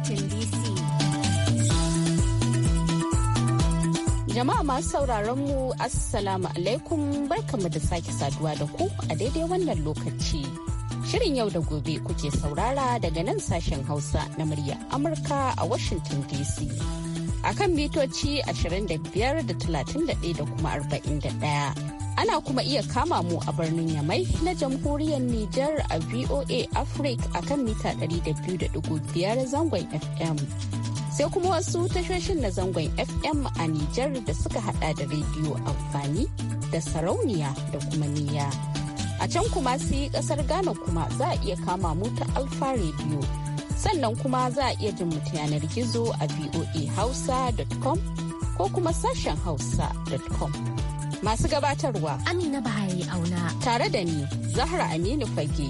Washington DC. Jama'a masu sauraron mu Assalamu alaikum barkamu da sake saduwa da ku a daidai wannan lokaci. Shirin yau da gobe kuke saurara daga nan sashen Hausa na murya Amurka a Washington DC. A kan mitoci 25 da 31 da kuma 41. Ana kuma iya kama mu a birnin Yamai na jamhuriyar Nijar a VOA Africa a kan mita 200.5 zangon FM. Sai kuma wasu tashoshin na zangon FM a Nijar da suka hada da rediyo amfani da sarauniya da kuma niya A can kuma sai kasar Ghana kuma za a iya kama mu ta Alfa rediyo Sannan kuma za a iya jin mutu yanar gizo a voahausa.com ko kuma sashen hausa.com. Masu gabatarwa Amina Bahayi Auna. Tare da ni Zahra Aminu Fage.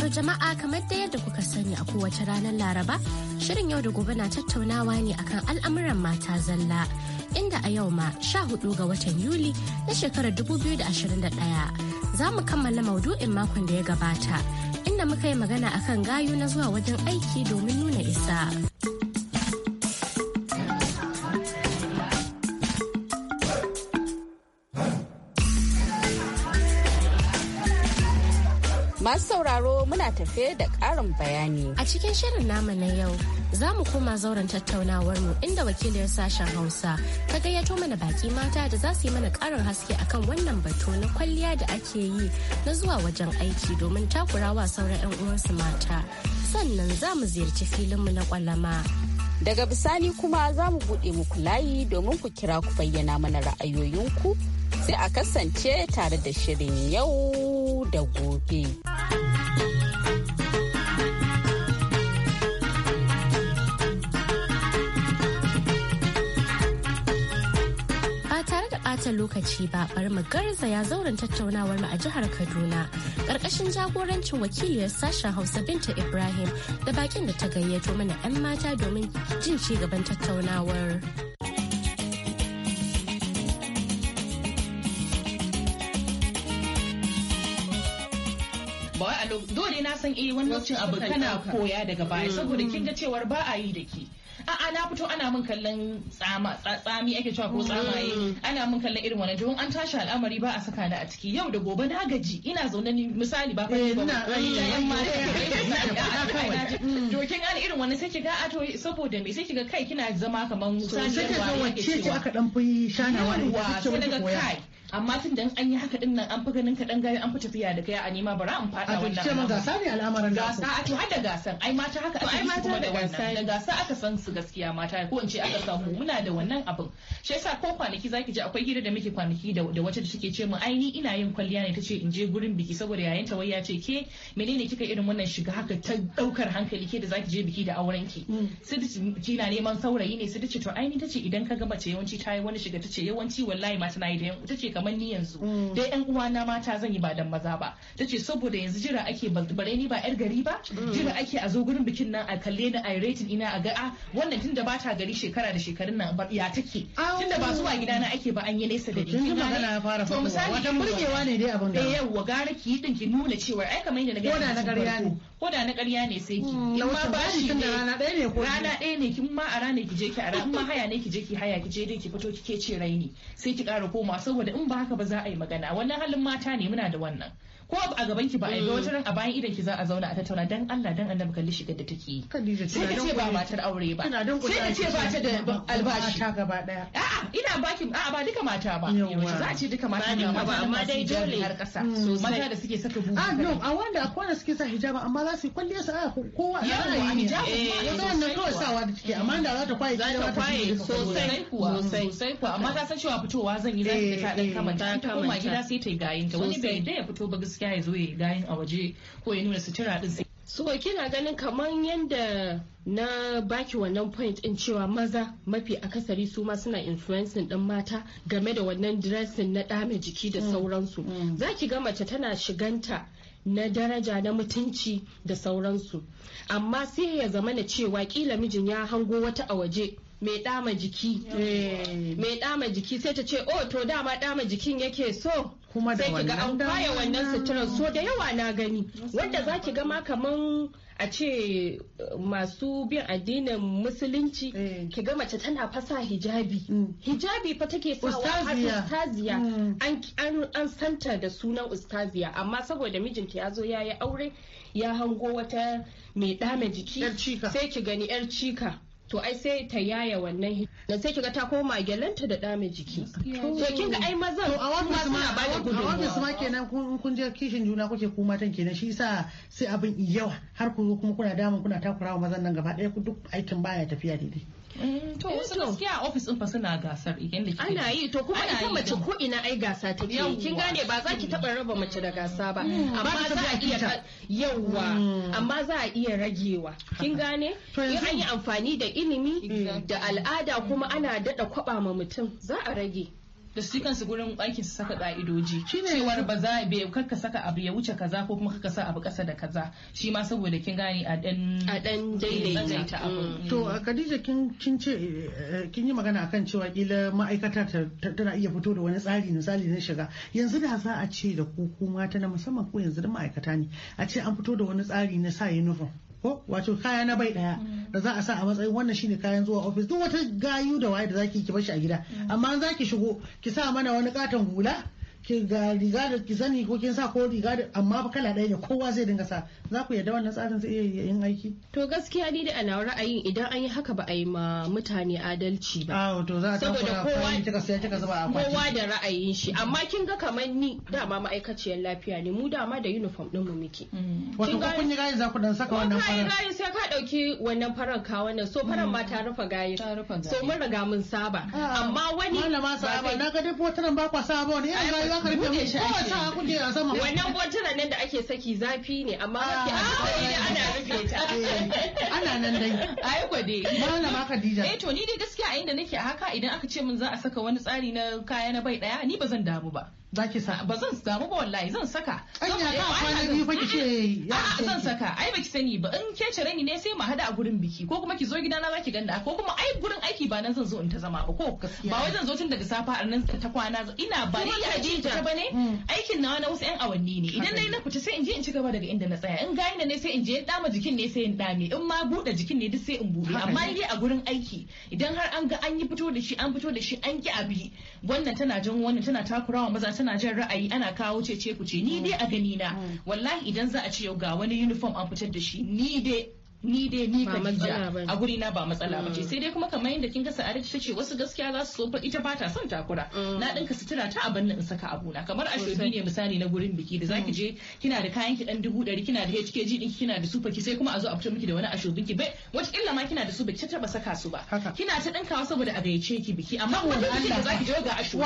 To jama'a kamar da yadda kuka sani a kowace ranar Laraba, shirin yau da gobe na tattaunawa ne akan al'amuran mata zalla. Inda a yau ma 14 ga watan Yuli na shekarar 2021 za mu kammala maudu'in makon da ya gabata. inda muka yi magana akan gayu na zuwa wajen aiki domin nuna isa. Masu sauraro muna tafe da ƙarin bayani. A cikin shirin namu na yau za mu koma zauren tattaunawar mu inda wakiliyar sashen Hausa ta gayyato mana baki mata da za su yi mana ƙarin haske akan wannan batu na kwalliya da ake yi na zuwa wajen aiki domin takurawa sauran 'yan uwansu mata. Sannan za mu ziyarci filin mu na kwalama. Daga bisani kuma za mu buɗe muku layi domin ku kira ku bayyana mana ra'ayoyinku sai a kasance tare da shirin yau da gobe. ɓata lokaci ba bari mu ya zauren tattaunawar mu a jihar Kaduna ƙarƙashin jagorancin wakiliyar sashen Hausa Binta Ibrahim da bakin da ta gayyato mana 'yan mata domin jin ci gaban tattaunawar. a dole na san eh wannan cin abu kana koya daga baya mm. saboda kin ga cewar ba a yi da ke a'a na fito ana min kallon tsami ake cewa ko tsamaye mm. ana min kallon irin wannan don an tashi al'amari ba a saka ni a ciki yau da gobe na gaji ina zaune ni misali ba fa ba eh, yamma to kin gane irin wannan sai kiga a ah, to saboda me sai kiga kai kina zama kaman misali sai kiga wacce aka dan fi shanawa ne sai daga kai amma tun da an yi haka dinnan an fi ganin ka dan an fi tafiya da kai a nema bara an fada wannan a to gasa ne al'amarin da gasa a to har da gasan ai mata haka ai mata kuma da wannan da gasa aka san su gaskiya mata ko in ce aka samu muna da wannan abin shi yasa ko kwanaki zaki ji akwai gida da muke kwanaki da wata da take ce mu ai ni ina yin kwalliya ne tace in je gurin biki saboda yayin ta wai ya ce ke menene kika irin wannan shiga haka ta daukar hankali ke da zaki je biki da auren ki mm. sai na neman saurayi ne sai ce to ai ni tace idan ka ga mace yawanci ta yi wani shiga tace yawanci wallahi mata tana yi da tace kamar ni yanzu mm. dai yan uwana mata zan yi ba dan maza ba tace saboda yanzu jira ake bare ni ba yar gari ba mm. jira ake a zo gurin bikin nan a kalle ni a rating ina a ga a ah, wannan tunda ba ta gari shekara da shekarun nan ya take tunda ba zuwa gida na ake ba an yi nesa da ni kin magana fara to misali burgewa ne dai abin da eh, yawa gara ki din ki nuna cewa ai kamar yadda na ga koda na ƙarya ne ko da na ƙarya ne sai ki mm, in ma ba shi ne rana ɗaya ne ko rana ɗaya ne kin ma a rana ki je ki a rana ma haya ne ki je ki haya ki je dai ki fito ki ke ce raini sai ki ƙara koma saboda in ba haka ba za a yi magana wannan halin mata ne muna da wannan ko a gaban ki ba a yi wata ran a bayan idan ki za a zauna a tattauna dan Allah dan Allah kalli shigar da take yi sai ka ce ba matar aure ba sai ka ce ba ta da albashi ta gaba daya a'a ina baki a'a ba duka mata ba za a ce duka mata ne mata amma dai dole har kasa mata mm, da suke saka bubu a ah, no a wanda akwai wanda suke sa hijaba amma za su kwalliya sa a kowa a yi hijabi ba wannan kawai sawa da take amma da za ta kwaye za ta kwaye sosai kuwa sosai kuwa amma ta san cewa fitowa zan yi za ta ta dan eh, eh, kamanta ta koma gida sai ta yi gayin ta wani bai da ya fito ba gaskiya gaskiya ya zo ya yi dayin a waje ko ya nuna sutura din so kina ganin kamar yadda na baki wannan point in cewa maza mafi akasari su ma suna influencing din mata game da wannan dressing na dame jiki da mm. sauransu zaki mm. za ki ga mace tana shiganta na daraja na mutunci da sauransu amma sai ya zama na cewa kila mijin ya hango wata a waje mai dama jiki mai dama jiki sai ta ce oh to dama dama jikin yake so kuma da wannan sai an baya wannan suturan so da yawa na gani wanda za ki gama kaman a ce eh, masu bin addinin musulunci eh. ki ga mace tana fasa hijabi mm. hijabi fa take sawa ustaziya mm. an santa da sunan ustaziya amma saboda mijinta ya zo ya yi aure ya hango wata mai dame jiki sai ki gani yar cika to ai sai ta yaya wannan da sai kiga ta koma gyalanta da dame jiki to kin ga ai mazan a wannan suna ba da gudu a wannan ma kenan kun kun je kishin juna kuke ku matan kenan shi yasa sai abin yawa har ku kuma kuna damun kuna takurawa mazan nan gaba daya duk aikin baya tafiya daidai Mm, to eh, wasu gaskiya a ofis din fa suna gasar idan da ana yi to kuma ita mace ko ina ai gasa take kin gane ba za ki taba raba mace da gasa ba mm, amma za a iya yawa mm. amma za a iya ragewa kin gane in an yi amfani da ilimi da al'ada kuma ana dada kwaba ma mutum za a rage da su kansu gurin aikin su saka ka'idoji cewar ba za be karka saka abu ya wuce kaza ko kuma karka sa abu kasa da kaza shi ma saboda kin gane a dan a dan daidaita abu mm. to Khadija kin kin ce eh, kin yi magana akan cewa kila ma'aikata tana iya fito da wani tsari misali na shiga yanzu da za a ce da ku kuma ta na musamman ko yanzu da ma'aikata ne a ce an fito da wani tsari na sa uniform ko wato kaya na bai daya mm. da za a sa a matsayin wannan shine kayan zuwa ofis duk wata gayu da waye da zaki ki bashi a gida mm. amma an zaki shigo ki sa mana wani katon hula ki ga riga da ki sani ko kin sa ko riga da amma fa kala ɗaya ne kowa zai dinga sa za ku yarda wannan tsarin zai iya yin aiki to gaskiya ni da ana ra'ayin idan an yi haka ba a yi ma mutane adalci ba to za a saboda kowa kika sai kika zuba a kowa da ra'ayin shi amma kin ga kamar ni dama ma'aikaciyar lafiya ne mu dama da uniform ɗin mu muke mm. wato ko kun yi gayin za ku dan saka wannan farar gayin sai ka dauki wannan farar ka wannan so farar ma ta rufe gayi. Ta rufe gayi. so mun riga mun saba amma wani malama saba na ga dai fotunan ba kwa saba wani. za a sama wannan botunan nan da ake saki zafi ne amma ah, ake ana eh, rufe ta eh, ana nan dai ai gode malama Khadija eh to ni dai gaskiya a inda nake a haka idan aka ce min za a saka wani tsari na kaya na bai daya ni ba zan damu ba za ki sa ba zan samu ba wallahi zan saka anya ka kwana biyu fa kike ya zan saka ai baki sani ba in ke cire ni ne sai mu hada a gurin biki ko kuma ki zo gidana zaki ganda ko kuma ai gurin aiki ba nan zan zo in ta zama ba ko ba wai zan zo tun daga safa a nan ta kwana ina ba ni ya ji ta bane hmm. aikin nawa na wasu yan awanni ne idan nayi na fita sai in je in ci gaba daga inda na tsaya in ina ne sai in je in dama jikin ne sai in dame in ma bude jikin ne duk sai in bude amma yi a gurin aiki idan har an ga an yi fito da shi an fito da shi an ki abi wannan tana jan wannan tana takurawa maza tana jin ra'ayi ana kawo cece ku ce ni dai a mm. gani na mm. wallahi idan za a ce yau ga wani uniform an fitar da shi ni dai ni dai ni ka jiya a guri na ba matsala ba ce mm. sai dai kuma kamar yadda kin ga ta ce wasu gaskiya za su so ita ba ta son takura mm. na dinka sutura ta a bannin in saka abuna kamar ashobi ne misali na gurin biki da zaki mm. je kina da kayan ki dan dubu dari kina da HKG din kina da super ki sai kuma a zo a fito miki da wani ashobin ki bai wata illa ma kina da su biki taba saka su ba kina ta dinkawa saboda a gayyace ki biki amma kuma da zaki je ga a so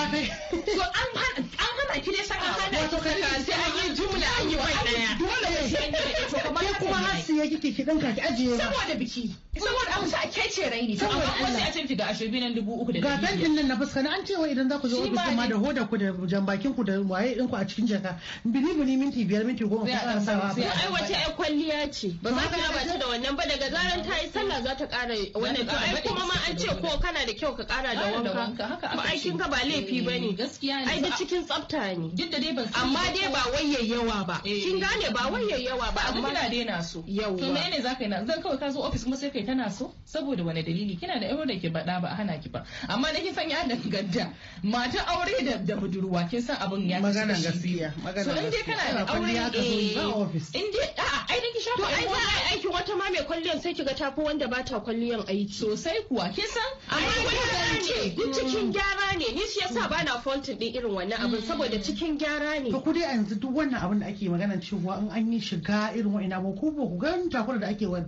baki dai saka ah, hada wato ka sai an yi jumla an yi bai ɗaya. dole ne sai kamar kuma hasiya kike ki danka ki ajiye saboda biki saboda amsa a kece raini saboda Allah sai a ce ki ga ashobi nan dubu uku da ga tantin nan na fuska an cewa idan za ku zo ofis ma da hoda ku da jambakin ku da waye din ku a cikin jaka bini bini minti biyar minti goma ku ƙara sawa ba ai wace ai kwalliya ce ba za ka raba ta da wannan ba daga zaran ta yi sallah za ta ƙara wannan to ai kuma ma an ce ko kana da kyau ka ƙara da wanka ba aikin ka ba laifi bane eh, gaskiya ne ai da cikin tsafta mutane. duk da dai su amma dai ba waye yawa ba eh. kin gane ba waye yawa ba amma kina daina so yawa to me ne zaka yi na zan kawai ka zo office kuma sai kai tana so saboda wani dalili kina da yaro da ke bada ba hana ki ba amma na kin san ya danganta mata aure da da budurwa kin san abin ya magana gaskiya magana so in dai kana da aure eh. in dai a'a ai ki shafa ai aikin wata ma mai kwalliyar sai kiga tafi wanda ba ta kwalliyar aiki sosai kuwa kin san amma wani ce duk cikin gyara ne ni shi yasa hmm. ba na fontin din irin wannan abin hmm. saboda da cikin gyara ne. To ku dai yanzu duk wannan abin da ake magana cewa in an yi shiga irin wa'ina ba ku ba ku ga takura da ake wa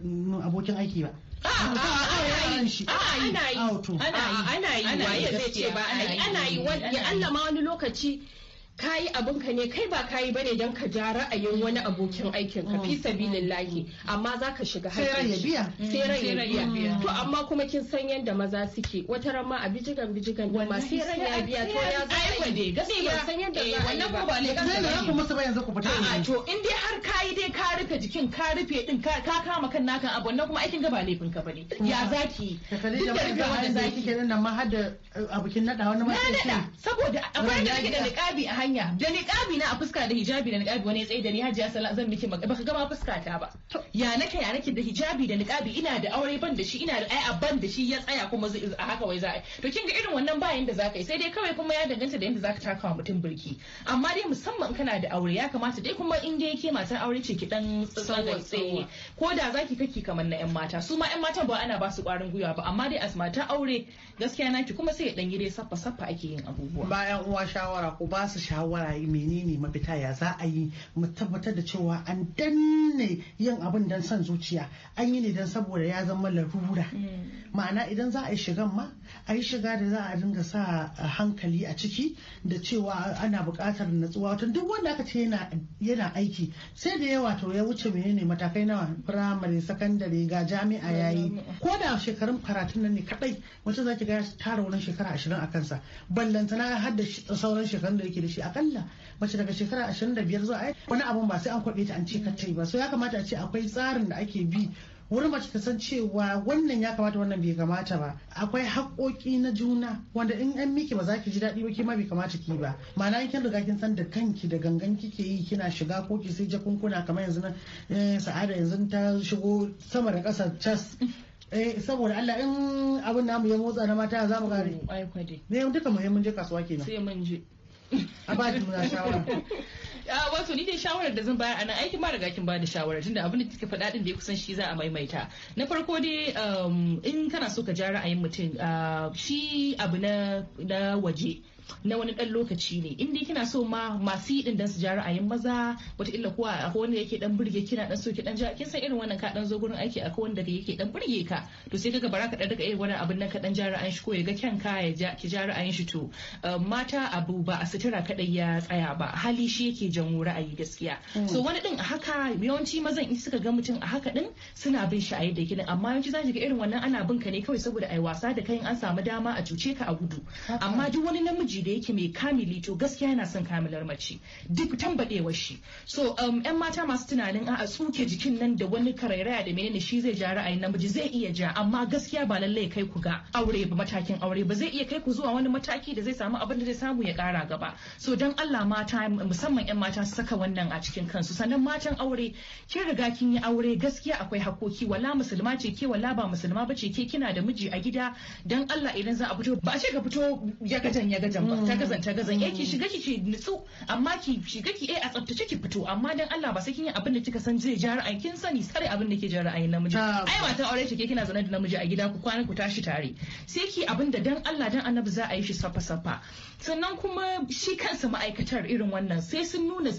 abokin aiki ba. ana yi ana yi ana yi ce ba ana yi ana wani lokaci kayi abin ka ne kai ba kayi bane don ka ja ra'ayin wani abokin aikin ka fi mm. sabilillahi amma za ka shiga hakkin sai ran ya mm. biya to amma kuma kin san yadda maza suke wata ran ma a bijigan bijigan din ma sai ran ya biya to ya za a yi gaskiya ban san yadda za a eh, yi ba wannan ba ku musu ba yanzu ku fita a to in dai har kayi dai ka rufe jikin ka rufe din ka kama kan naka abu wannan kuma aikin ga ba laifin ka bane ya zaki duk da rufe wannan zaki kenan nan ma har da eh, abokin nada wani ma sai saboda akwai da kike da a hanya da niqabi na a fuska da hijabi da niqabi wani ya tsaye da ni hajiya sallah zan miki maka baka gama fuska ta ba ya nake ya nake da hijabi da niqabi ina da aure ban da shi ina da ai ban da shi ya tsaya kuma a haka wai za'a to kin ga irin wannan bayan da zaka yi sai dai kawai kuma ya danganta da yadda zaka taka wa mutum burki amma dai musamman kana da aure ya kamata dai kuma in dai ke matan aure ce ki dan tsaye ko da zaki kake kamar na yan mata su ma yan matan ba ana ba su kwarin gwiwa ba amma dai as matan aure gaskiya naki kuma sai ya dan yi dai saffa saffa ake yin abubuwa bayan uwa shawara ko ba su shawara menene mafita ya za a yi mu tabbatar da cewa an danne yin abin don son zuciya an yi ne don saboda ya zama larura mm. ma'ana idan za a yi shigan ma a yi shiga da za a dinga sa hankali a ciki da cewa ana buƙatar natsuwa wato duk wanda aka ce yana aiki sai da yawa to ya wuce menene matakai na firamare sakandare ga jami'a yayi ko da shekarun karatun nan ne kadai wata zaki ga tara wurin shekara ashirin a kansa na har da sauran shekarun da yake da shi akalla mace daga shekara ashirin da biyar zuwa wani abun ba sai an kwaɓe ta an ce kacce ba so ya kamata a ce akwai tsarin da ake bi wurin mace ta san cewa wannan ya kamata wannan bai kamata ba akwai haƙoƙi na juna wanda in an miki ba za ki ji daɗi ba ki ma bai kamata ki ba ma'ana kin riga kin san da kanki da gangan kike yi kina shiga ko ki sai jakunkuna kamar yanzu na eh, sa'ada yanzu ta shigo sama da ƙasa cas eh saboda Allah in abin namu ya motsa na mata za mu gare ne eh, duka muhimmin eh, je kasuwa kenan sai mun je a ba juna shawara Ah, wato ni dai shawarar da zan bayar a nan aikin ma riga kin bada shawara tunda abin da kika faɗa din da kusan shi za a maimaita na farko dai um, in kana so ka ja ra'ayin mutum ah, shi abu na waje na wani dan lokaci ne in dai kina so ma masu yi dan su ja ra'ayin maza wata illa kuwa a wanda yake dan burge kina dan so ki dan ja kin san irin wannan ka dan zo gurin aiki akwai wanda yake dan burge ka to sai kaga bara ka dan daga irin wannan abin nan ka dan ja ra'ayin shi ko ya ga kyanka ya ja ki ja ra'ayin shi to eh, mata abu ba a sutura kadai ya tsaya ba hali shi yake jan ra'ayi gaskiya mm. so wani din a haka yawanci mazan in suka ga mutum a haka din suna bin shi a yadda kina amma yawanci za ga irin wannan ana bin ka ne kawai saboda ai wasa da kai an samu dama a cuce ka a gudu amma duk wani namiji namiji da yake mai kamili to gaskiya yana son kamilar mace duk tambadewar shi so um, yan mata masu tunanin a tsuke jikin nan da wani karairaya da menene shi zai ja ra'ayin namiji zai iya ja amma gaskiya ba lallai kai ku ga aure ba matakin aure ba zai iya kai ku zuwa wani mataki da zai samu abin da zai samu ya kara gaba so dan Allah mata musamman yan mata su saka wannan a cikin kansu sannan matan aure kin riga kin yi aure gaskiya akwai hakoki wala musulma ce ke wala ba musulma bace ke kina da miji a gida dan Allah idan za a fito ba a ce ka fito ya gajan ya gajan Mm. ta gazan ta gazan eh ki shiga ki nutsu amma ki shiga ki eh a tsaftace ki fito amma dan Allah ba sai kin yi abin da kika san zai ja ra'ayi kin sani sare abin da ke ja ra'ayin namiji ah, ai mata aure ce kina zaune da namiji a gida ku kwana ku tashi tare sai ki abin da dan Allah dan Annabi za a yi shi safa safa sannan kuma shi kansa ma'aikatar irin wannan sai sun nuna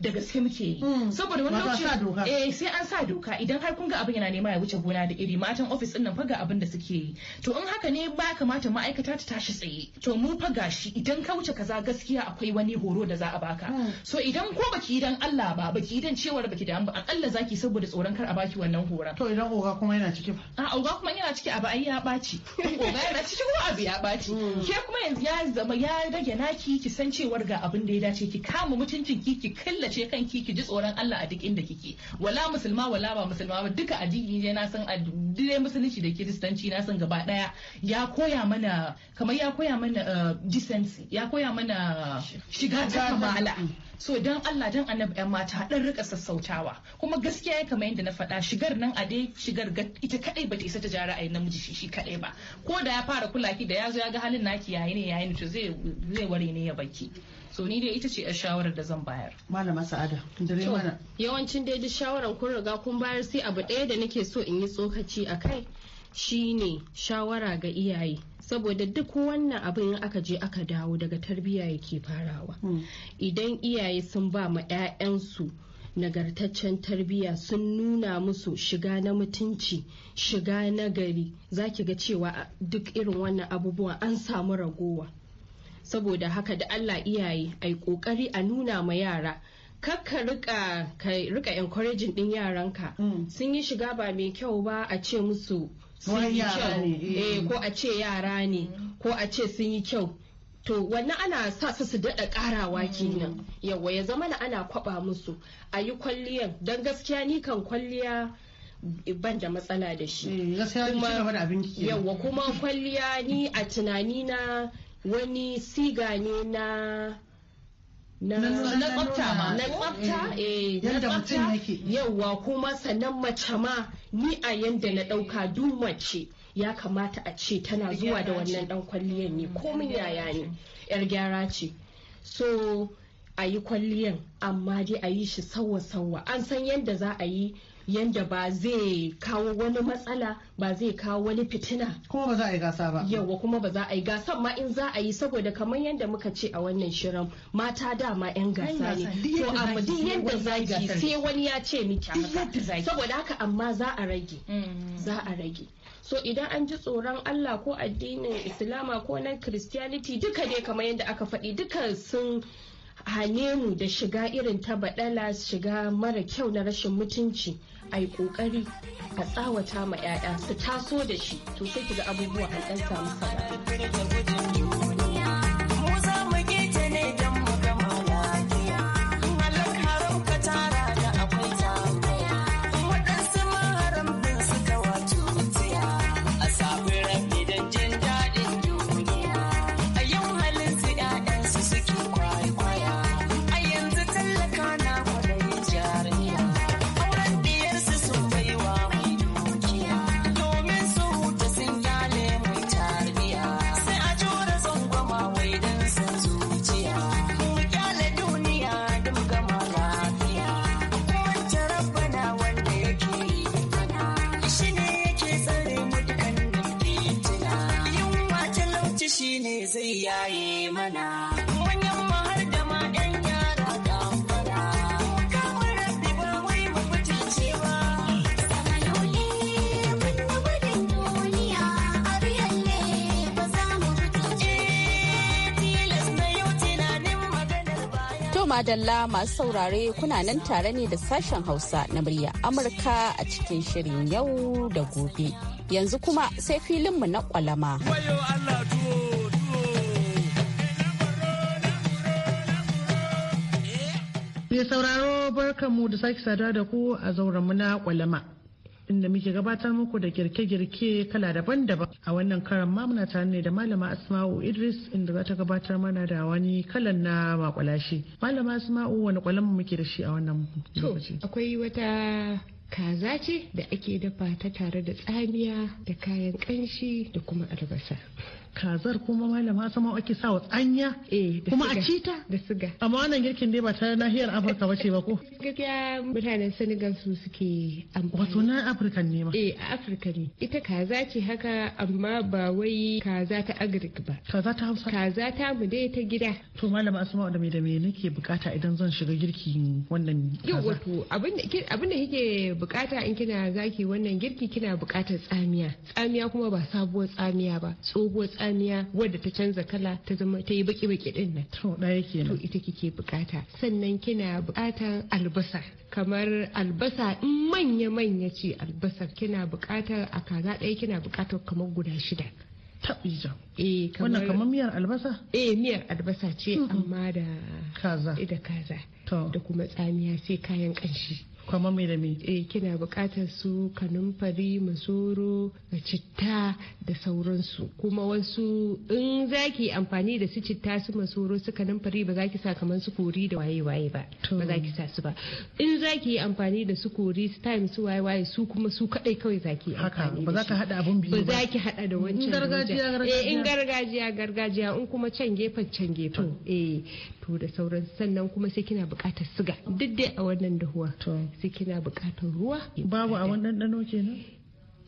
da gaske muke yi mm. saboda wani lokaci eh sai an sa doka idan har kun ga abin yana nema ya wuce gona da iri matan ofis din nan faga abin da suke yi to in haka ne ba kamata ma'aikata ta tashi tsaye to mu faga shi shi idan ka wuce kaza gaskiya akwai wani horo da za a baka hmm. so idan ko baki dan Allah ba baki dan cewar baki da ba akalla zaki saboda tsoron kar a baki wannan horon to idan oga kuma yana ciki ba a oga kuma yana ciki abu ai ya baci oga yana ciki ko abu ya baci hmm. ke kuma yanzu ya zama ya rage naki ki san cewar ga abin da ya dace ki kama mutuncin ki ki killace kanki ki ji tsoron Allah a duk inda kike wala musulma wala ba musulma ba duka addini ne na san addinai musulunci da kiristanci na san gaba daya ya koya mana kamar ya koya mana eh, sensi ya koya mana shiga ta kamala so don Allah don annabi yan mata dan rika sassautawa kuma gaskiya ya kamar yadda na faɗa shigar nan a dai shigar ita kadai bata isa ta ja yi namiji shi shi kadai ba ko da ya fara kula ki da yazo ya ga halin naki yayi ne yayi ne to zai zai ware ne ya baki so ni dai ita ce a shawarar da zan bayar malama sa'ada dare mana yawancin dai duk shawaran kun riga kun bayar sai abu ɗaya da nake so in yi tsokaci akai shine shawara ga iyaye saboda duk wannan abin in aka je aka dawo daga tarbiyya yake farawa hmm. idan iyaye sun ba ma 'ya'yansu nagartaccen tarbiyya sun nuna musu shiga na mutunci shiga na gari za ga cewa duk irin wannan abubuwan an samu ragowa saboda haka da allah iyaye a yi kokari a nuna ma yara kakka rika rika encouraging din yaranka hmm. sun yi shiga ba mai kyau ba a ce musu sun eh. Eh, ko a ce yara ne ko a ce sun yi kyau to wannan ana sa su su daɗa ƙarawa kenan yawa ya zama na ana kwaba musu a yi kwalliyan don gaskiya ni kan kwalliya ban da matsala da shi eh, yawa kuma kwalliya ni a tunanina wani siga ne na na tsafta ma eh, eh, kuma sannan mace ma ni a yanda na dauka duk mace ya kamata a ce tana zuwa da wannan dan kwalliyar ne mm. komin yaya ne yar gyara ce so a yi kwalliyan amma dai a yi shi sawa sawa an san yadda za a yi yanda ba zai kawo wani matsala ba zai kawo wani fitina kuma ba za a yi gasa ba yawa kuma ba za a yi gasa ma in za a yi saboda kamar yanda muka ce a wannan shirin mata dama yan gasa ne to amma duk yadda zaki sai wani ya ce miki saboda haka amma za a rage mm. za a rage so idan an ji tsoron Allah ko addinin Islama ko na Christianity duka dai kamar yanda aka faɗi duka sun hane mu da shiga irin ta baɗala shiga mara kyau na rashin mutunci a yi ƙoƙari a tsawata ma 'ya'ya su taso da shi to sai kiga abubuwa an ɗan samu sana'a. kiyaye mana. madalla masu saurare kuna nan tare ne da sashen hausa na murya amurka a cikin shirin yau da gobe yanzu kuma sai filinmu na kwalama. sauraro barkanmu da sake sadar da ku a zauren na kwalama. Inda muke gabatar muku da girke-girke kala daban-daban a wannan karan ma muna tare ne da Malama Asma'u Idris inda za ta gabatar mana da wani kalan na makwalashi. Malama Asma'u wani kwalama muke da shi a wannan lokaci. Akwai wata kaza ce da ake dafa ta tare da tsamiya da kayan kanshi da kuma albasa. kazar kuma malama sama ake sawa tsanya eh, kuma a cita da siga amma wannan girkin dai ba ta nahiyar afirka ba ce ba ko gaskiya mutanen senegal su suke amfani wato na afirka ne ma eh a afirka ne ita kaza ce haka amma ba wai kaza ta agric ba kaza ta hausa kaza ta mu dai ta gida to malama asma da me da me nake bukata idan zan shiga girkin wannan kaza yau wato abin da kike bukata in kina zaki wannan girki kina bukatar tsamiya tsamiya kuma ba sabuwar tsamiya ba tsohuwar tsamiya wadda ta canza kala ta zama ta yi baki baki din nan to ɗaya kenan to ita kike bukata sannan kina bukatan albasa kamar albasa in manya manya ce albasa kina bukatar a kaza ɗaya kina bukatar kamar guda shida Eh, Wannan kamar miyar albasa? Eh, miyar albasa ce amma da kaza. Da kaza. Da kuma tsamiya sai kayan ƙanshi. kamar mai da me eh kina buƙatar su kanumfari masoro da citta da sauransu kuma wasu in zaki amfani da su citta su masoro su kanumfari ba za ki sa kamar su kori da waye waye ba ba za ki sa su ba in zaki yi amfani da su kori su time su waye waye su kuma su kadai kawai zaki yi amfani ba za ka hada abun biyu ba za ki hada da wancan gargajiya eh in gargajiya gargajiya in kuma can gefen can gefen eh to da sauran sannan kuma sai kina buƙatar suga duk dai a wannan dahuwa sai kina bukatar ruwa babu a wannan ɗanɗano kenan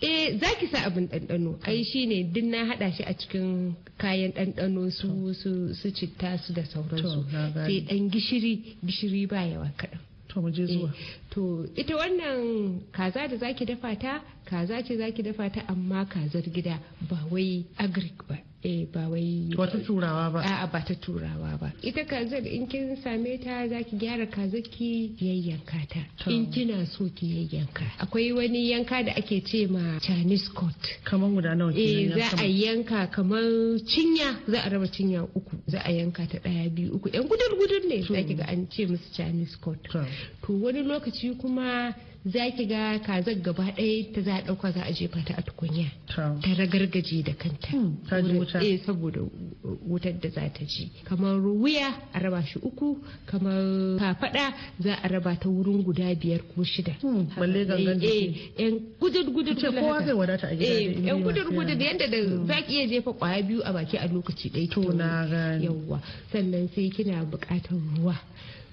eh zaki sa abin ɗanɗano ai shine din na haɗa shi a cikin kayan ɗanɗano su su citta su da sauransu sai ɗan gishiri gishiri ba yawa kaɗan to mu je eh, zuwa to ita wannan kaza da zaki dafa ta kaza ce zaki dafa ta amma kazar gida ba wai agric ba eh ba wai ta turawa ba ba ta turawa ba ita kazar in kin same ta zaki gyara kazaki yayyanka ta in kina so ki yayyanka akwai wani yanka da ake ce ma Chinese court kamar guda nawa eh za a yanka kamar cinya za a raba cinya uku za a yanka ta daya biyu uku yan gudun gudun ne zaki ga an ce musu Chinese court to wani lokaci kuma za ki ga kazar gaba ɗaya ta za ɗauka za a jefa ta a tukunya ta ragargaje da kanta hmm, eh saboda wutar da za ta ji kamar wuya a raba shi uku kamar kafada za a raba ta wurin guda biyar ko shida hmm, balle gangan da eh, jiki eh, yan gudud gudud ce kowa zai wadata a gida eh, yan gudud gudud yanda da hmm. za ki iya jefa kwaya biyu a baki a lokaci ɗaya to na gani yawwa sannan sai kina buƙatar ruwa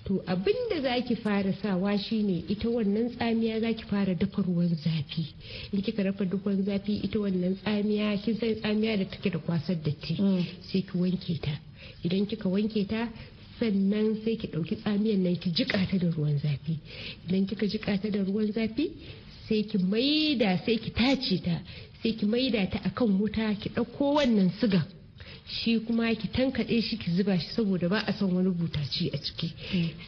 to abin da za ki fara sawa shine ita wannan tsamiya za ki fara dafa ruwan zafi in kika dafa ruwan zafi ita wannan tsamiya kin san tsamiya da take da kwasar datti mm. sai ki wanke ta idan kika wanke ta sannan sai ki ɗauki tsamiyan nan ki jiƙa ta da ruwan zafi idan kika jiƙa ta da ruwan zafi sai ki maida sai ki tace ta sai ki maida ta akan wuta ki ɗauko wannan sigan shi kuma ki tankaɗe shi ki zuba shi saboda ba a son wani butaci a ciki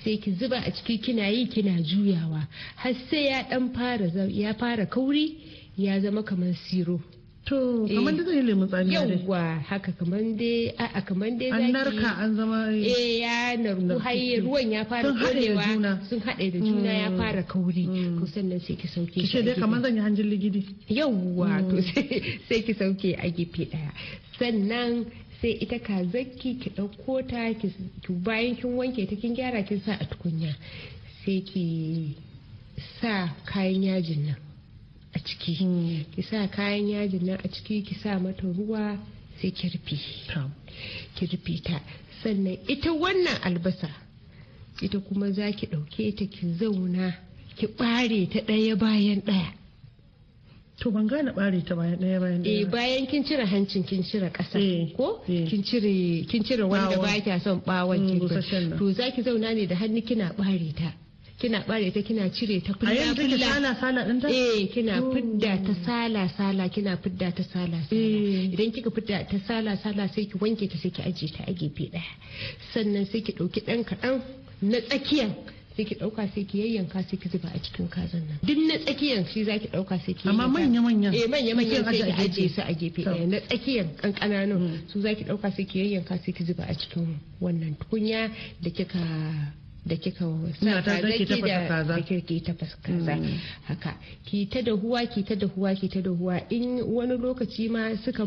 sai ki zuba a ciki kina yi kina juyawa har sai ya dan fara ya fara kauri ya zama kamar siro To, kamar da zai lemun tsami dai. Yawwa, haka kamar dai, a kamar dai An narka an zama. Eh, eh ya narku har eh. ruwan ya fara kolewa. Sun haɗe da juna. ya mm. fara kauri. Mm. To sannan sai ki sauke. Ki ce dai kamar zan yi hanjin ligidi. Yawwa, to mm. sai ki sauke a gefe ɗaya. Sannan sai ita zaki ki ɗauko ta ki bayan kin wanke ta kin gyara kin sa a tukunya sai ki sa kayan yajin nan a ciki hmm. ki sa kayan yajin nan a ciki ki sa mata ruwa sai ki rufe ki rufe ta sannan ita wannan albasa ita kuma za ki ɗauke ta ki zauna ki ɓare ta ɗaya bayan ɗaya To ban gane bare ta bayan ɗaya bayan ɗaya. Eh bayan kin cire hancin kin cire ƙasa eh, ko eh. kin cire kin cire wanda ba kya son bawon mm, kin. To zaki zauna ne da hannu kina bare ta. kina bare ta kina cire ta fulla fulla a yanzu sala sala din ta eh kina mm. fidda ta sala sala kina fidda ta sala sala eh. idan kika fidda ta sala sala sai ki wanke ta sai ki aje ta a gefe daya sannan sai ki dauki dan kadan na tsakiyan sai ki dauka sai ki yayyanka sai ki zuba a cikin kazan nan duk na tsakiyan shi zaki dauka sai ki amma manya manya eh manya manya sai ki ajiye su a gefe ɗaya na tsakiyan kankananin hmm. su zaki dauka sai ki yayyanka sai ki zuba a cikin wannan tukunya da kika da kika sa ki da ki tafasa kaza hmm. haka ki ta da huwa ki ta da huwa ki ta da huwa in wani lokaci ma suka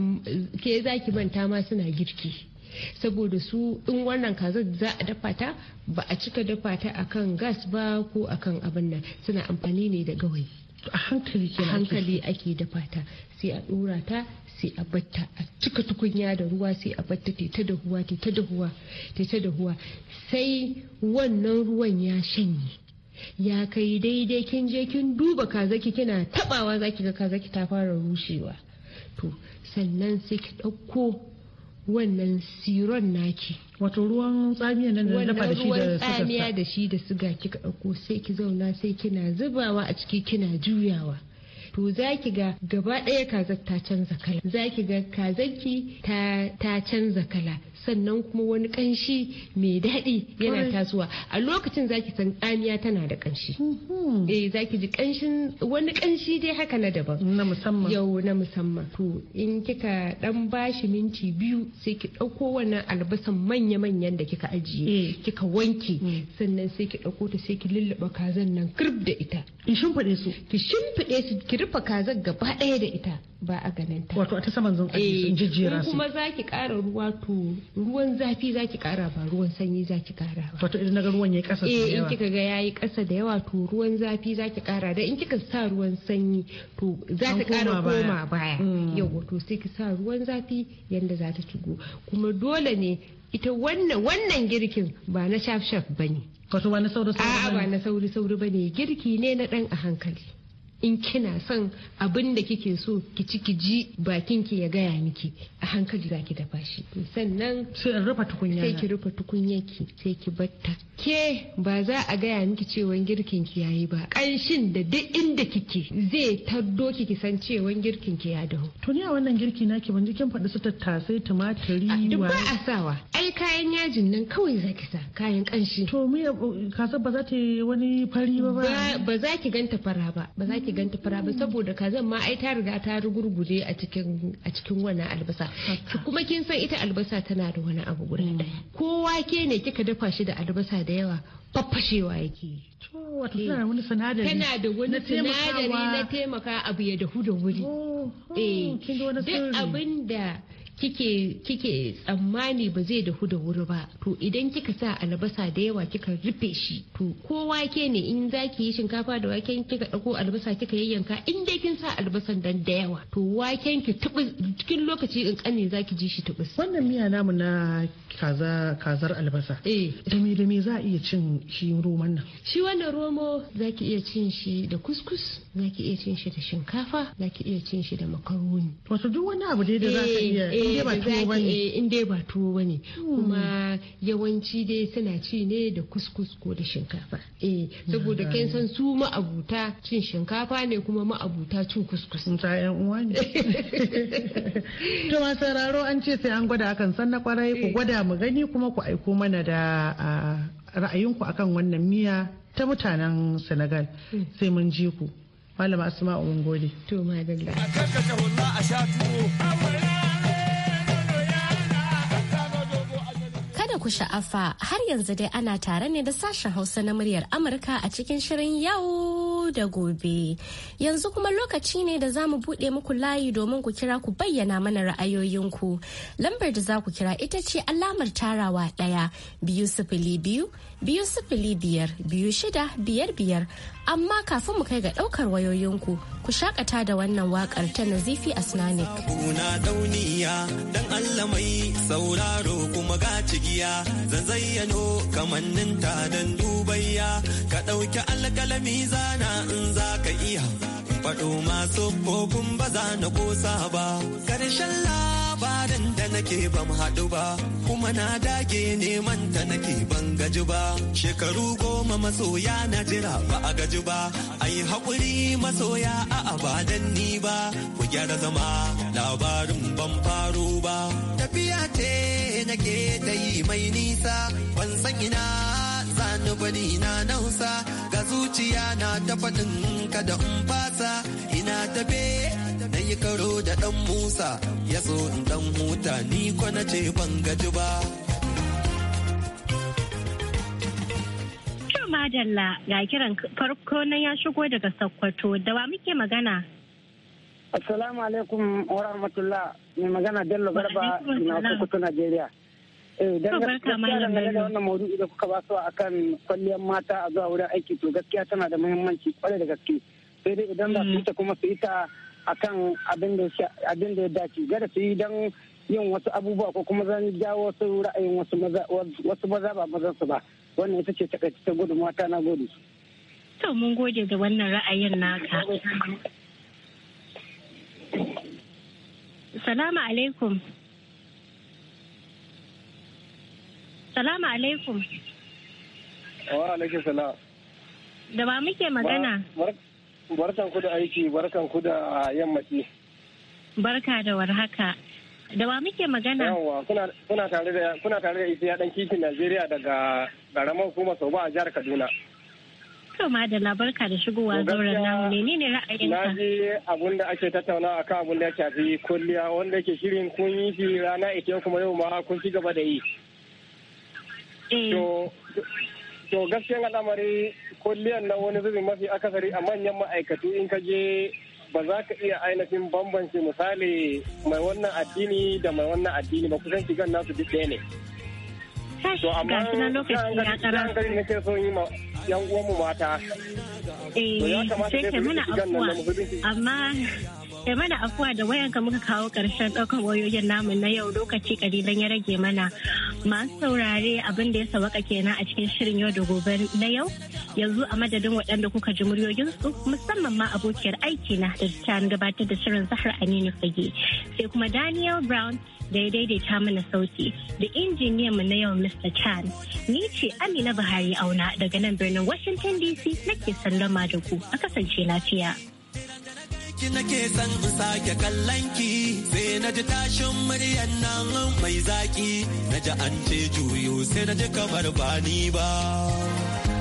ke zaki manta ma suna girki saboda su in wannan kaza za a dafa ta ba a cika dafa ta akan gas ba ko akan abin nan suna amfani ne da gawayi a hankali a hankali ake dafa ta sai a dora ta sai a batta a cika tukunya da ruwa sai a batta ta dahuwa ta dahuwa ta dahuwa sai wannan ruwan ya shanye ya kai daidai kin je kin duba kazaki kina tabawa zaki ga kaza ki ta fara rushewa to sannan sai ki ɗauko wannan siron naki wato ruwan tsamiya nan da dafa da shi da tsamiya da shi da siga kika dauko sai ki zauna sai kina zubawa a ciki kina juyawa to za ki ga gaba ɗaya kazar ta canza kala za ki ga kazarki ta canza kala sannan kuma wani kanshi mai daɗi yana tasowa a lokacin zaki san tsamiya tana da kanshi mm-hmm. eh ki ji kanshin wani kanshi dai haka na daban na musamman yau na musamman to in kika dan bashi minti biyu sai ki ɗauko wannan albasan manya manyan da kika ajiye eh. kika wanke mm. sannan sai ki ɗauko ta sai ki lulluɓa kazan nan kirb da ita ki shimfiɗe su ki shimfiɗe su ki rufe kazar gaba ɗaya da ita ba a ganin ta wato ta saman zan eh, jijjira su kuma zaki ƙara ruwa to ruwan zafi zaki ƙara ba ruwan sanyi zaki ƙara ba wato idan naga ruwan yayi ƙasa da yawa eh in kika ga yayi ƙasa da yawa to ruwan zafi zaki ƙara da in kika sa ruwan sanyi to za ta ƙara koma baya yawa mm. to sai ki sa ruwan zafi yanda za ta shigo kuma dole ne ita wannan wannan girkin ba na shaf shaf bane wato ba na sauri sauri ba ne girki ne na dan a hankali in kina son abin da kike so ki ci ki ji bakin ki ya gaya miki a hankali za ki dafa shi sannan sai in rufe tukunya sai ki rufe tukunya ki sai ki batta ke ba za a gaya miki cewa girkin ki yayi ba kanshin da duk inda kike zai taddo ki san cewa girkin ki ya dahu to ni a wannan girki naki ban ji kin faɗi su tattasai tumaturi duk ba a sawa ai kayan yajin nan kawai za ki sa kayan kanshi to miya kasar ba za ta yi wani fari ba ba za ki ganta fara ba ba za ki ki ganta fara ba saboda kazan ma ai ta riga ta rugurguje a cikin a cikin wannan albasa kuma kin san ita albasa tana da wani abu guda daya mm. ko ne kika dafa shi da albasa da yawa faffashewa yake tana da wani eh. sinadari na taimaka abu ya dahu da wuri oh, oh, eh duk abin da kike kike tsammani ba zai dahu da wuri ba to idan kika sa albasa da yawa kika rufe shi to ko wake ne in zaki yi shinkafa da waken kika dauko albasa kika yayyanka in dai kin sa albasan dan da yawa to waken ki tubus cikin lokaci in kankani zaki ji shi tubus wannan miya namu na kaza kazar albasa eh da me da me za a iya cin shi roman nan shi wannan romo zaki iya cin shi da kuskus zaki iya cin shi da shinkafa zaki iya cin shi da makaroni wato duk wani abu dai da za ka iya eh, eh, in ba tuwo eh, ba ne hmm. kuma yawanci dai suna ci ne da kuskus ko da shinkafa eh, saboda kai san su ma'abuta cin shinkafa ne kuma ma'abuta cin kuskus ta yan uwa ne to ma an ce sai an gwada akan san na kwarai ku eh. gwada mu gani kuma ku aiko mana da ra'ayinku akan wannan miya ta mutanen Senegal hmm. sai mun ji ku malama asma'u mun gode to madalla a sha tuwo ku sha'afa har yanzu dai ana tare ne da sashen Hausa na muryar Amurka a cikin shirin yau da gobe. Yanzu kuma lokaci ne da za mu buɗe muku layi domin ku kira ku bayyana mana ra'ayoyinku. Lambar da za ku kira ita ce alamar tarawa ɗaya biyu sifili biyu biyu sifili biyar biyu shida biyar biyar. Amma kafin mu kai ga ɗaukar wayoyinku ku shakata da wannan waƙar ta Nazifi Asnanik. Kuna ɗauniya dan Allah sauraro kuma ga cigiya kamanninta dan dubayya ka ɗauki alƙalami zana in za ka iya faɗo masu kokun ba za na kosa ba ƙarshen labarin da nake ban haɗu ba kuma na dage neman ta nake ban gaji ba shekaru goma masoya na jira ba a gaji ba ayi haƙuri masoya a abadan ni ba ku gyara zama labarin ban faru ba tafiya ce nake ta yi mai nisa ban san ina sani bani na nausa ga zuciya na ta faɗin da in fasa ina be na yi karo da ɗan musa ya so in ɗan huta ni ko na ce ban gaji ba. Madalla ga kiran farko na ya shigo daga Sokoto da wa muke magana? Assalamu alaikum wa rahmatullah mai magana Bello Garba na Sokoto Najeriya. Eh, don gaskiya da wannan maudu'i da kuka basu akan kwalliyar mata a zuwa wurin aiki to gaskiya tana da muhimmanci kwarai da gaske. Sai dai idan za su yi mm. ta kuma su yi ta akan abin da ya dace. Gada su yi don yin wasu abubuwa ko kuma zan jawo wasu ra'ayin wasu maza ba mazan su ba. Wannan ita ce takaitaccen gudunmawa ta na gode. To mun gode da wannan ra'ayin naka. Salamu alaikum. Salamu alaikum. Wa alaikum salam. Da ba muke magana? Barkan ku da aiki, barkan ku da yammaci. Barka da warhaka. Da ba muke magana? Yawwa, kuna tare da kuna tare da dan Najeriya daga kuma sau ba a jihar Kaduna. ma da labarka da shigowa zauren namu menene ra'ayinka? Na ji abun da ake tattauna a kan abun da ya shafi kulliya wanda ke shirin kun yi shi rana ita kuma yau ma kun ci gaba da yi. Eh. to gaskiyan al'amari kulliyan na wani zubi mafi akasari a manyan ma'aikatu in ka je ba za ka iya ainihin bambance misali mai wannan addini da mai wannan addini ba kusan shigan nasu duk ɗaya ne. To amma yan gari na ke son yi ma yan eh, mu mata. sai Amma mana afuwa da wayan ka muka kawo karshen ɗaukar wayoyin namun na yau lokaci ƙalilan ya rage mana masu saurare abin da ya sawaka kenan a cikin shirin yau da gobe na yau yanzu a madadin waɗanda kuka ji muryoyinsu musamman ma abokiyar aiki na da ta gabatar da shirin zahar aminu fage sai kuma daniel brown da ya daidaita mana sauti da injiniyan mu na yau mr chan ni ce amina buhari auna daga nan birnin washington dc nake sallama da ku a kasance lafiya. ki nake san in sake kallon ki sai na ji tashin muryan nan mai zaki na ji an ce juyo sai na ji kamar ba ba